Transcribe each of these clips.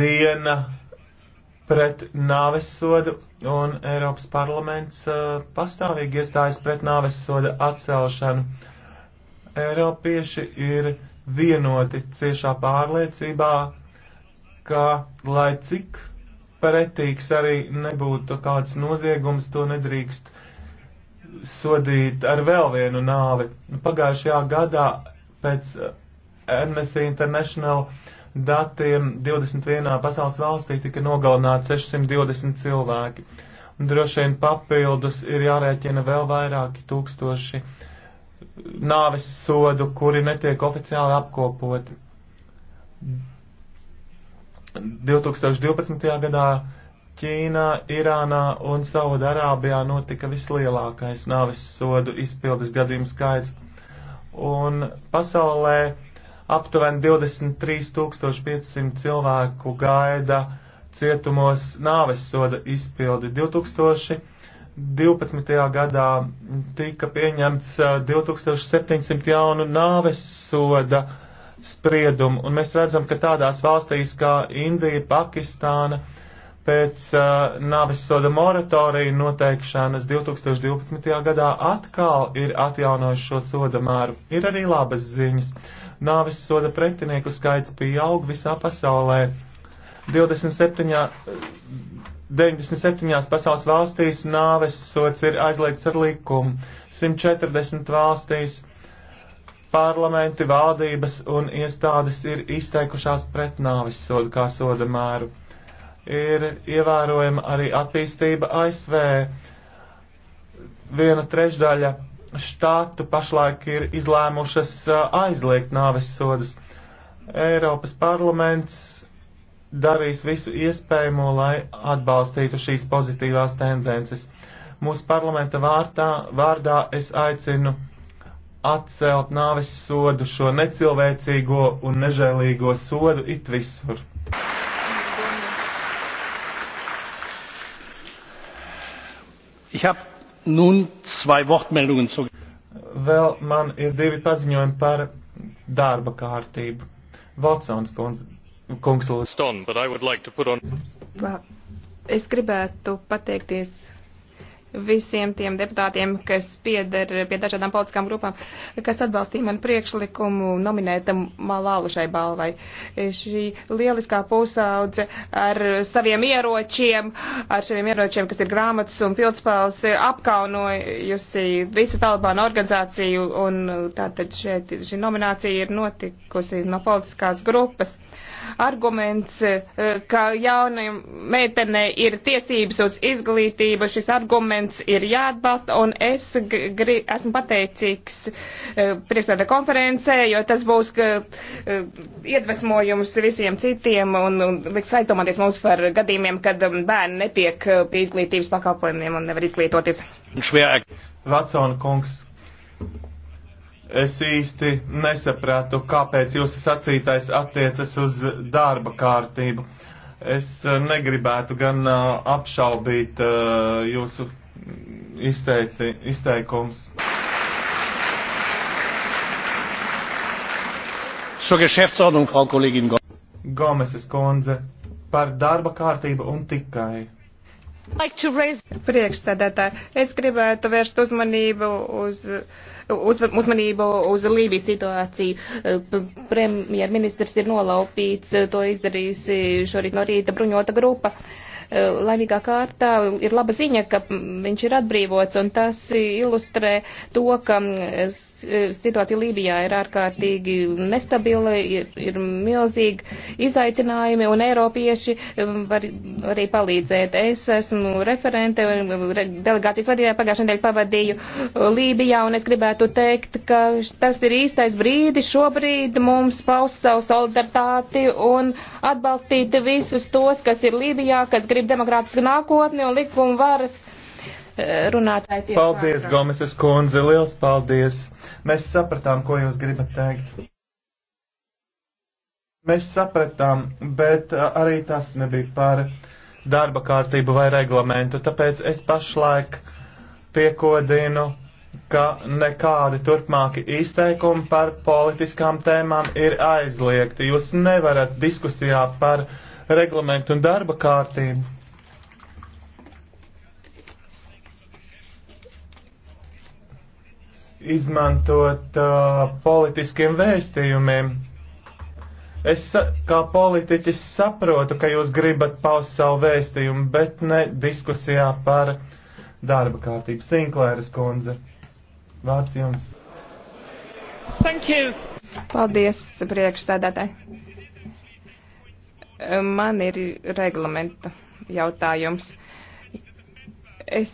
diena pret nāvessodu un Eiropas parlaments uh, pastāvīgi iestājas pret nāvessoda atcelšanu. Eiropieši ir vienoti ciešā pārliecībā, ka lai cik pretīgs arī nebūtu kāds noziegums, to nedrīkst sodīt ar vēl vienu nāvi. Pagājušajā gadā pēc uh, Amnesty International uh, datiem 21. pasaules valstī tika nogalināti 620 cilvēki. Un droši vien papildus ir jārēķina vēl vairāki tūkstoši nāves sodu, kuri netiek oficiāli apkopoti. 2012. gadā Ķīnā, Irānā un Saudarābijā notika vislielākais nāves sodu izpildes gadījumu skaits. Un pasaulē aptuveni 23,500 cilvēku gaida cietumos nāves soda izpildi. 2012. gadā tika pieņemts 2700 jaunu nāves soda spriedumu, un mēs redzam, ka tādās valstīs kā Indija, Pakistāna, Pēc uh, nāves soda moratorija noteikšanas 2012. gadā atkal ir atjaunojuši šo soda mēru. Ir arī labas ziņas. Nāves soda pretinieku skaits pieaug visā pasaulē. 27, 97 pasaules valstīs nāves sots ir aizliegts ar likumu, 140 valstīs parlamenti, valdības un iestādes ir izteikušās pret nāves sodu kā soda mēru ir ievērojama arī attīstība ASV. Viena trešdaļa štātu pašlaik ir izlēmušas aizliegt nāves sodas. Eiropas parlaments darīs visu iespējamo, lai atbalstītu šīs pozitīvās tendences. Mūsu parlamenta vārtā, vārdā es aicinu atcelt nāves sodu šo necilvēcīgo un nežēlīgo sodu it visur. Ich habe nun zwei Wortmeldungen zu. Vēl man ir divi paziņojumi par darba kārtību. Valtsons kungs lūdzu. Like on... Es gribētu pateikties visiem tiem deputātiem, kas pieder pie dažādām politiskām grupām, kas atbalstīja manu priekšlikumu nominētam Malālu šai balvai. Šī lieliskā pusaudze ar saviem ieročiem, ar saviem ieročiem, kas ir grāmatas un pildspēles, apkaunojusi visu Talibānu organizāciju, un tātad šeit šī nominācija ir notikusi no politiskās grupas. Uh, arguments, eh, ka jaunai meitenei ir tiesības uz izglītību, šis arguments ir jāatbalsta, un es gri, esmu pateicīgs eh, priekšstādā konferencē, jo tas būs eh, iedvesmojums visiem citiem un, un liks aizdomāties mums par gadījumiem, kad um, bērni netiek pie izglītības pakalpojumiem un nevar izglītoties. Vatsona kungs. Es īsti nesapratu, kāpēc jūsu sacītais attiecas uz darba kārtību. Es eh, negribētu gan eh, apšaubīt eh, jūsu izteici, izteikums. Šo geschäftsordnung, Frau Kollegin Gomes. Gomeses kundze, par darba kārtību un tikai. Priekšsēdētāji, es gribētu vērst uzmanību uz, uz, uzmanību uz Lībijas situāciju. Premjerministrs ir nolaupīts, to izdarījusi šorīt no rīta bruņota grupa. Uh, Eh, laimīgā kārtā ir laba ziņa, ka viņš ir atbrīvots, un tas ilustrē to, ka eh, eh, situācija Lībijā ir ārkārtīgi nestabila, ir, ir milzīgi izaicinājumi, un Eiropieši var arī palīdzēt. Es esmu referente, delegācijas vadītāja pagājušajā nedēļā pavadīju Lībijā, un es gribētu teikt, ka tas ir īstais brīdis šobrīd mums paust savu solidaritāti un atbalstīt visus tos, kas ir Lībijā, kas grib brīvību, demokrātisku nākotni un likumu varas eh, runātāji tiek. Paldies, Gomeses kundze, liels paldies. Mēs sapratām, ko jūs gribat teikt. Mēs sapratām, bet eh, arī tas nebija par darba kārtību vai reglamentu, tāpēc es pašlaik piekodinu, ka nekādi turpmāki izteikumi par politiskām tēmām ir aizliegti. Jūs nevarat diskusijā par reglamentu un darba kārtību. Izmantot uh, politiskiem vēstījumiem. Es kā politiķis saprotu, ka jūs gribat paust savu vēstījumu, bet ne diskusijā par darba kārtību. Sinklēras kundze, vārds jums. Thank you. Paldies, priekšsēdētāji man ir reglamenta jautājums. Es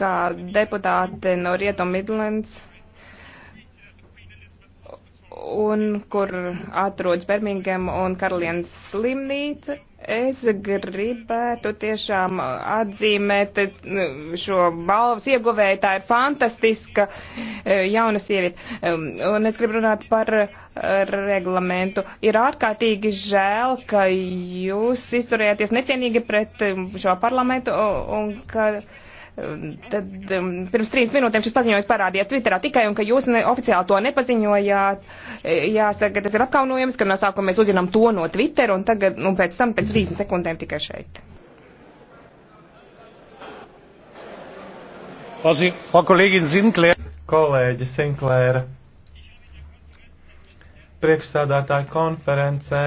kā deputāte no Rietumidlands un kur atrodas Birmingham un Karalienes slimnīca, Es gribētu tiešām atzīmēt nu, šo balvas ieguvēju. Tā ir fantastiska e, jauna sieviete. Um, un es gribu runāt par e, reglamentu. Ir ārkārtīgi žēl, ka jūs izturējāties necienīgi pret um, šo parlamentu un ka. Uh, Tad um, pirms trīs minūtēm šis paziņojums parādījās Twitterā tikai, un ka jūs ne, oficiāli to nepaziņojāt. E, jāsaka, ka tas ir apkaunojums, ka no sākuma mēs uzzinām to no Twitter, un tagad, un nu, pēc tam pēc 30 sekundēm tikai šeit. Frau Kollegin Sinclair. Kolēģi Sinklēra. Priekšsādātāja konferencē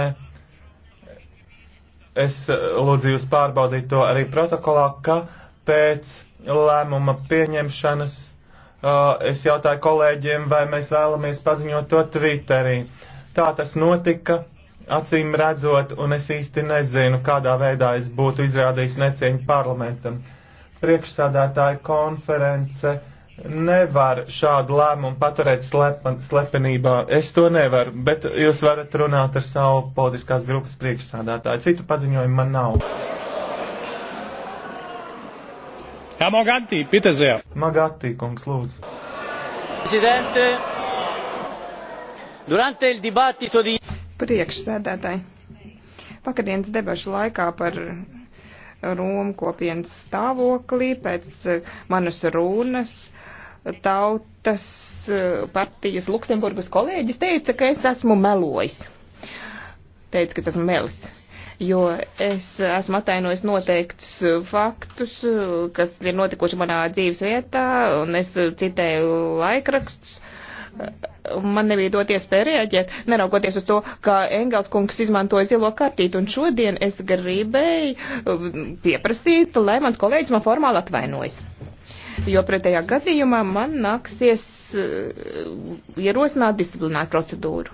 es e, lūdzu jūs pārbaudīt to arī protokolā, ka pēc lēmuma pieņemšanas uh, es jautāju kolēģiem, vai mēs vēlamies paziņot to Twitterī. Tā tas notika, acīm redzot, un es īsti nezinu, kādā veidā es būtu izrādījis necieņu parlamentam. Priekšsādātāja konference nevar šādu lēmumu paturēt slepenībā. Es to nevaru, bet jūs varat runāt ar savu politiskās grupas priekšsādātāju. Citu paziņojumu man nav. Herr Morganti, bitte sehr. Magatti, kungs, lūdzu. Presidente, durante il dibattito di... Priekšsēdētāji, vakardienas debašu laikā par Romu kopienas stāvoklī pēc eh, manas runas tautas eh, partijas Luksemburgas kolēģis teica, ka es esmu melojis. Teica, ka es esmu melis jo es esmu atainojis noteikts faktus, kas ir notikuši manā dzīves vietā, un es citēju laikrakstus. Man nebija dot iespēju rēģēt, neraugoties uz to, ka Engels kungs izmantoja zilo kartīti, un šodien es gribēju pieprasīt, lai mans kolēģis man formāli atvainojas jo pretējā gadījumā man nāksies uh, ierosināt disciplināru procedūru.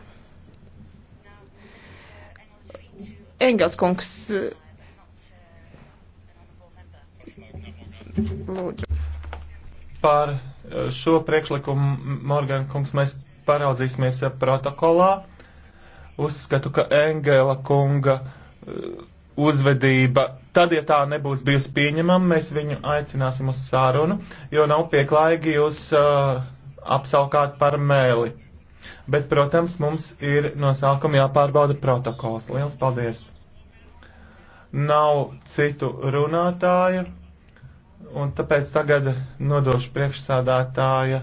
Engelskungs. Lūdzu. Par eh, šo priekšlikumu, Morgan kungs, mēs paraudzīsimies eh, protokolā. Uzskatu, ka Engela kunga eh, uzvedība, tad, ja tā nebūs bijusi pieņemama, mēs viņu aicināsim uz sārunu, jo nav pieklājīgi jūs uh, apsaukāt par mēli. Bet, protams, mums ir no sākuma jāpārbauda protokols. Liels paldies! Nav citu runātāju, un tāpēc tagad nodošu priekšsādātāja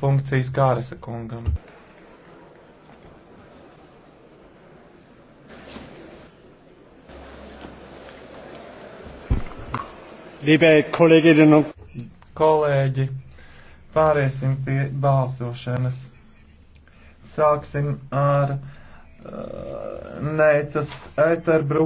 funkcijas Kārasa kungam. Liebe Kolleginnen und Kollegen, pāriesim pie balsošanas. Sāksim ar uh, Neicas Eterbruku.